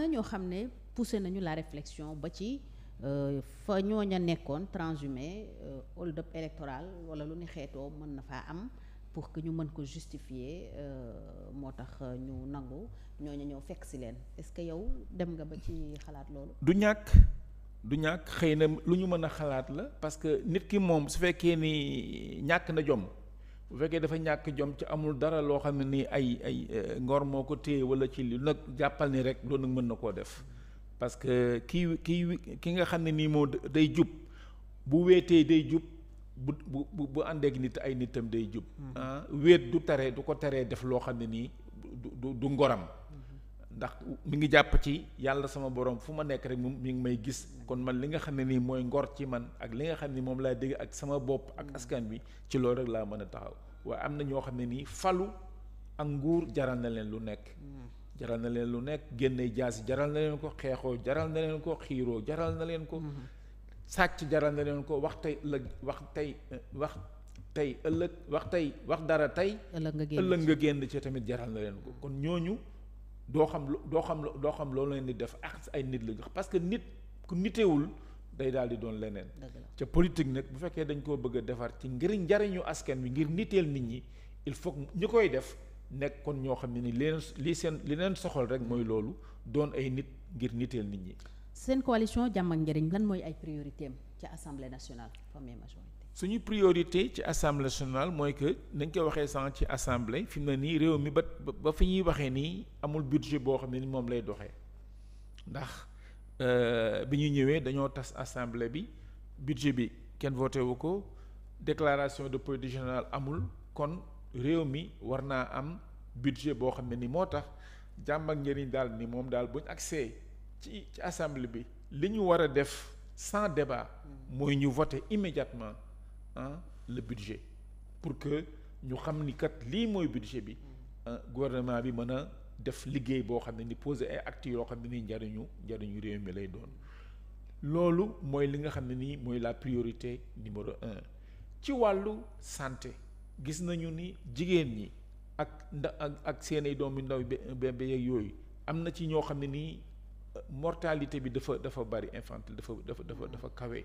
na ñoo xam ne poussé nañu la réflexion ba ci euh, fa ñooña nekkoon transhumé euh, hold up électoral wala lu ni xeetoo mën na faa am pour que ñu mën ko justifier euh, moo tax ñu nangu ñooña ñëw fekk si leen est-ce que yow dem nga ba ci xalaat loolu. du ñàkk du ñàkk xëy na lu ñu mën a xalaat la parce que nit ki moom su fekkee ni ñàkk na jomm bu fekkee dafa ñàkk jom ci amul dara loo xam ne nii ay ay eh, ngor moo ko téye wala ci li nag jàppal ni rek loolu nag mën na koo def parce que kii kii ki nga xam ne nii moo day jub bu weetee day jub bu bu bu àndeek nit ay nitam day jub. Hmm. Ah, wéet du tere du ko taree def loo xam ne nii du du ngoram. ndax mu ngi jàpp ci yàlla sama borom fu ma nekk rek mu mi ngi may gis kon man li nga xam ne nii mooy ngor ci man ak li nga xam ne moom laa dégg ak sama bopp ak mm. askan bi ci loolu rek laa mën a taxaw waaye am na ñoo xam ne nii falu ak nguur jaral na leen lu nekk. Mm. jaral na leen lu nekk génne jaasi jaral na leen ko xeexoo jaral na leen ko xiiroo jaral na leen ko. Mm-hmm. sàcc jaral na leen ko wax tey ëllëg wax tey wax tey ëllëg wax tey wax dara tey. ëllëg nga génn ci ëllëg nga génn ci tamit jaral na leen ko kon ñooñu. doo xam doo xam doo xam loolu leen di def ak ay nit la parce que nit ku nitewul day daal di doon leneen ca politique nag bu fekkee dañ koo bëgg a defar ci ngir njariñu askan bi ngir niteel nit ñi il faut ñi koy def nekk kon ñoo xam ne ni leen li seen li leen soxal rek mooy loolu doon ay nit ngir niteel nit ñi seen coalition jàmm ak njëriñ lan mooy ay priorité am ca assemblée nationale première majorité suñu priorité ci assemblée nationale mooy que nañ ko waxee sànq ci assemblée fi na nii réew mi ba ba fi ñuy waxee nii amul budget boo xam ne ni moom lay doxe ndax euh, bi ñu ñëwee dañoo tas assemblée bi budget bi kenn voté ko déclaration de politique générale amul kon réew mi war naa am budget boo xam ne ni moo tax jàmm ak njëriñ daal ni moom daal buñ accès ci ci assemblée bi li ñu war a def sans débat mm. mooy ñu voté immédiatement ah le budget pour que ñu xam ni kat lii mooy budget bi gouvernement bi mën a def liggéey boo xam ne ni poser ay actes yoo xam ne nii njariñu njariñu réew mi lay doon loolu mooy li nga xam ne nii mooy la priorité numéro un ci wàllu santé gis nañu ni jigéen ñi ak nda ak ak seen ay doom yu ndaw bébé yooyu am na ci ñoo xam ne nii mortalité bi dafa dafa bari infantile dafa dafa dafa dafa kawe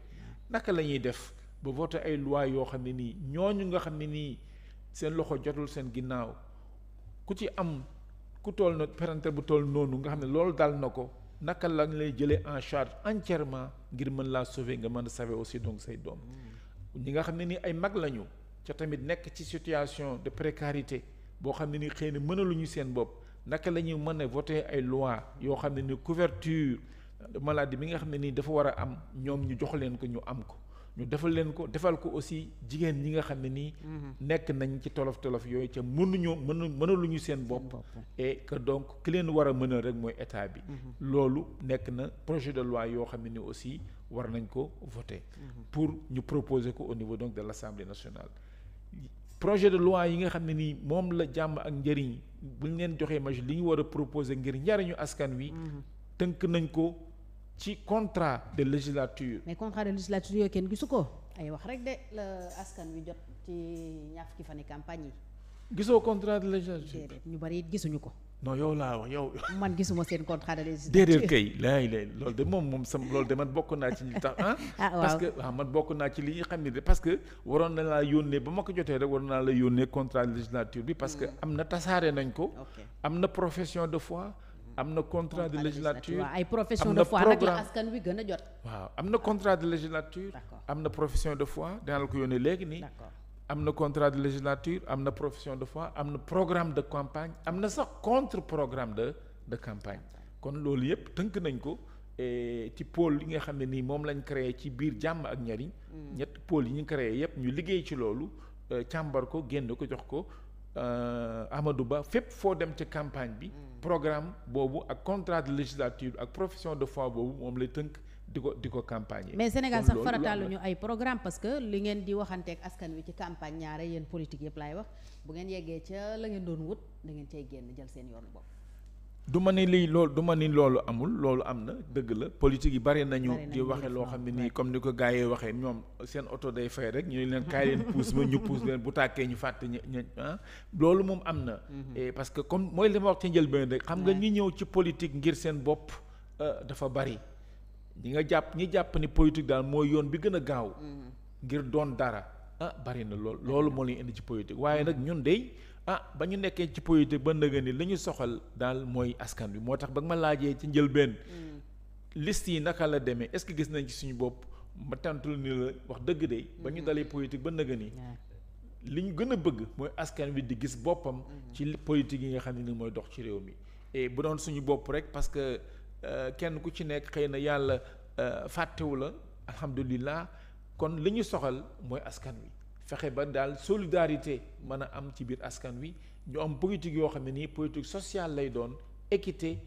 naka lañuy def ba voté ay loi yoo xam ne nii ñooñu nga xam ne nii seen loxo jotul seen ginnaaw ku ci am ku toll na parenté bu toll noonu nga xam ne loolu dal na ko naka lañ lay jëlee en charge entièrement ngir mën laa sauver nga mën a sauver aussi donc say doom mm. ñi nga xam ne nii ay mag lañu ca tamit nekk ci situation de précarité boo xam ne ni xëy na mënaluñu seen bopp naka la ñuy mën a voter ay loi yoo xam ne ni couverture maladie bi nga xam ne nii dafa war a am ñoom ñu jox leen ko ñu am ko ñu defal leen ko defal ko aussi jigéen ñi nga xam ne nii. Mhm. nekk nañ ci tolof tolof yooyu ca mënuñoo mënu mënaluñu seen bopp. et que donc ki leen war a mënal rek mooy état bi. Mhm. loolu nekk na projet de loi yoo xam ne ni aussi war nañ ko voter. Mhm. pour ñu proposer ko au niveau donc de l'Assemblée nationale. projet de loi yi nga xam ne nii moom la jàmm ak njëriñ bu leen joxee maj li ñu war a proposer ngir njariñu askan wi. tënk nañ ko. ci contrat de législature. mais contrat de législature yooyu kenn gisu ko. ay wax rek de la askan wi jot ci ñaar fukki fan yi campagne yi. gisoo contrat de législature. ñu bari it gisuñu ko. non yow laa wax yow. man gisuma seen contrat de législature. déedéet kay laay lay loolu de moom moom sam loolu de man bokk naa ci li tax ah. ah waaw ah, man bokk naa ci li ñu xam ne de parce que waroon na laa yónnee ba ma ko jotee rek waroon naa la yónnee contrat de législature bi. parce que mm. am na tasaare nañ ko. am na profession de foi. am na contrat de législature ay profession de foi nag la askan wi gën a jot. waaw am na contrat de législature. am na profession de fois dinaa la ko yónnee léegi nii. am na contrat de législature am na profession de fois am na programme de campagne am na sax contre programme de de campagne kon loolu yëpp tënk nañ ko ci pôle li nga xam ne nii moom lañ créé ci biir jàmm ak njariñ mm. ñett pôle yi ñu créé yëpp ñu liggéey ci loolu euh, càmbar ko génn ko jox ko. Euh, Amadou Ba fépp foo dem ca campagne bi. Hmm. programme boobu ak contrat de législature ak profession de foi boobu moom lay tënk di ko di ko campagne mais Sénégal sax farataalu ñu ay programme parce que li ngeen di waxanteeg askan wi ci campagne ñaare yéen politique yëpp laay wax bu ngeen yeggee ca la ngeen doon wut da ngeen cay génn jël seen yoonu bopp. du ma ni lii loolu du ma ni loolu amul loolu am na dëgg la politique yi bari nañu di waxe loo xam ne nii comme ni ko gars yi waxee ñoom seen oto day fay rek ñu leen kaay leen puus ba ñu puus leen bu tàkkee ñu fàtte ñu ah loolu moom am na mhm. et parce que comme mooy li ma wax ci njëlbeen rek xam nga ñi ñëw ci politique ngir seen bopp euh, dafa bari ñi nga jàpp ñi jàpp ni politique daal mooy yoon bi gën a gaaw mhm. ngir doon dara ah bari na lool loolu moo leen indi ci politique waaye nag ñun dey ah ba ñu nekkee ci politique ba ndëgën ni li ñu soxal daal mooy askan bi moo tax ba ma laajee ci njëlbeen. Mm. liste yi naka la demee est-ce que gis nañ ci suñu bopp ma tantul ni la wax dëgg de. ba ñu mm. dalee politique ba ndëgën ni li ñu gën a bëgg mooy askan bi di gis boppam. Mm-hmm. ci politique yi nga xam ne ni mooy dox ci réew mi. et bu doon suñu bopp rek parce que euh, kenn ku ci nekk xëy na yàlla euh, fàttewu la alhamdulilah. kon li ñu soxal mooy askan wi fexe ba daal solidarité mën a am ci biir askan wi ñu am politique yoo xam ne nii politique sociale lay doon équité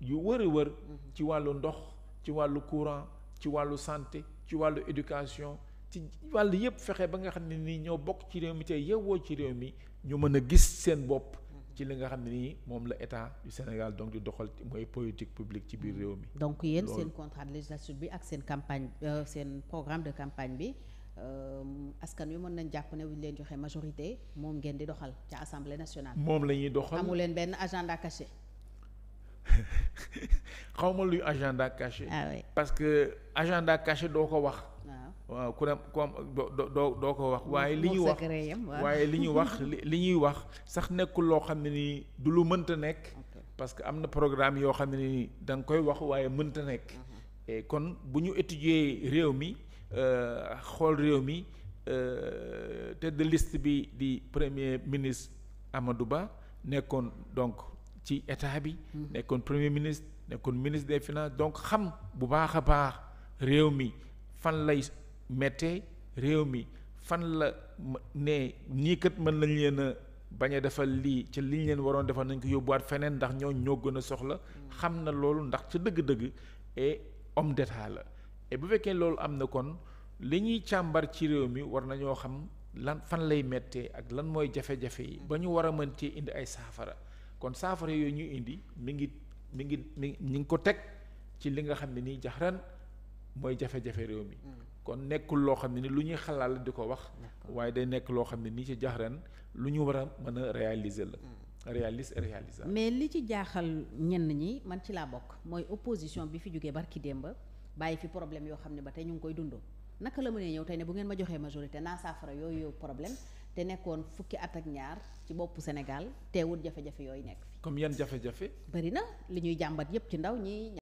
yu wër wër ci wàllu ndox ci wàllu courant ci wàllu santé ci wàllu éducation ci wàllu yëpp fexe ba nga xam ne ni ñoo bokk ci réew mi te yewwoo ci réew mi ñu mën a gis seen bopp ci li nga xam ne nii moom la état du Sénégal donc di doxal mooy politique publique ci biir réew mi. donc yéen seen contrat de législature bi ak seen campagne euh, seen programme de campagne bi euh, askan wi mën nañ jàpp ne bu ñu leen joxee majorité moom ngeen di doxal ca assemblée nationale. moom la ñuy doxal amu leen benn agenda caché. xaw ma luy agenda caché. Ah parce que agenda caché doo ko wax. waaw ku dem ko am doo doo ko wax waaye li ñuy wax waaye li ñuy wax li ñuy wax sax nekkul loo xam ne nii du lu mënta nekk parce que am na programme yoo xam ne nii da nga koy wax waaye mënta nekk mhm. kon bu ñu étudier réew mi euh, xool réew mi euh, tête de liste bi di premier ministre amadu Ba nekkoon donc ci état bi mhm. nekkoon premier ministre nekkoon ministre des finances donc xam bu baax a baax réew mi fan lay mettee réew mi fan la ne nii kat mën nañ leen a bañ a defal lii ci liñ leen waroon defal nañ ko yóbbuwaat feneen ndax ñoo ñoo gën a soxla xam na loolu ndax ca dëgg-dëgg et homme d'état la et bu fekkee loolu am na kon li ñuy càmbar ci réew mi war nañoo xam lan fan lay méttee ak lan mooy jafe-jafe yi ba ñu war a mën cee indi ay saafara kon saafara yooyu ñuy indi mi ngi mi ngi mi ngi ko teg ci li nga xam ne nii jaxran mooy jafe-jafe réew mi. kon nekkul loo xam ne ni lu ñuy xalaat di ko wax. waaye day nekk loo xam ne nii ci jaxran lu ñu war a a réaliser la. Mm. réalise et mais li ci jaaxal ñenn ñi man ci laa bokk mooy opposition bi fi jógee barki démb bàyyi fi problème yoo xam ne ba tey ñu ngi koy dundoo naka la mënee ñëw tey ne bu ngeen ma joxee majorité naa saafara yooyu problème te nekkoon fukki at ak ñaar ci boppu Sénégal teewul jafe-jafe yooyu nekk fi. comme yan jafe-jafe. bari li ñuy jàmbat yépp ci ndaw ñi.